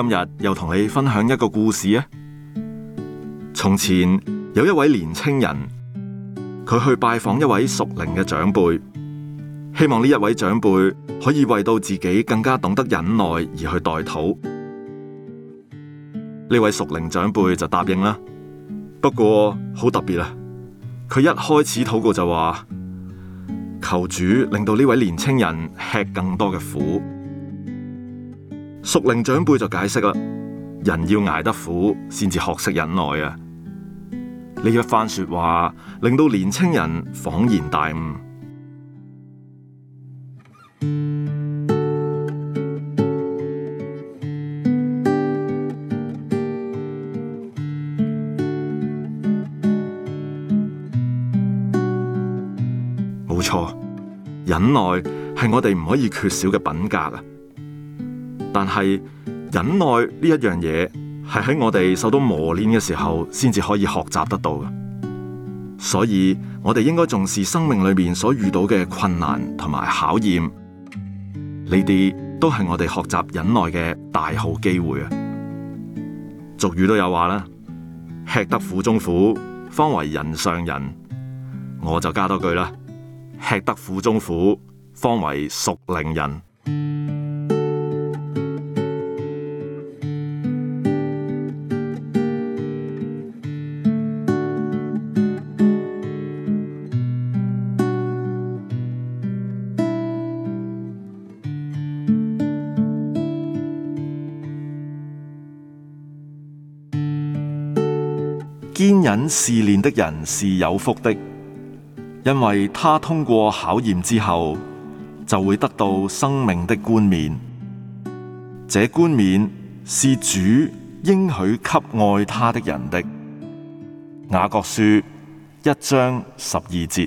今日又同你分享一個故事啊！從前有一位年青人，佢去拜訪一位熟齡嘅長輩，希望呢一位長輩可以為到自己更加懂得忍耐而去代禱。呢位熟齡長輩就答應啦，不過好特別啊！佢一開始禱告就話：「求主令到呢位年青人吃更多嘅苦。熟齡長輩就解釋啦，人要挨得苦，先至學識忍耐啊！呢一番說話，令到年輕人恍然大悟。冇錯，忍耐係我哋唔可以缺少嘅品格啊！但係忍耐呢一樣嘢，係喺我哋受到磨練嘅時候，先至可以學習得到。所以我哋應該重視生命裏面所遇到嘅困難同埋考驗，呢啲都係我哋學習忍耐嘅大好機會啊！俗語都有話啦：吃得苦中苦，方為人上人。我就加多句啦：吃得苦中苦，方為熟齡人。堅忍試煉的人是有福的，因為他通過考驗之後，就會得到生命的冠冕。這冠冕是主應許給愛他的人的。雅各書一章十二節。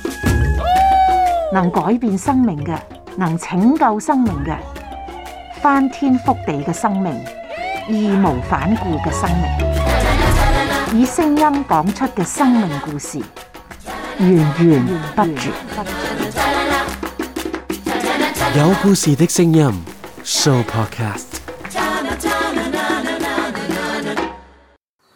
能改變生命嘅，能拯救生命嘅，翻天覆地嘅生命，義無反顧嘅生命，以聲音講出嘅生命故事，源源不絕。有故事的聲音，Show Podcast。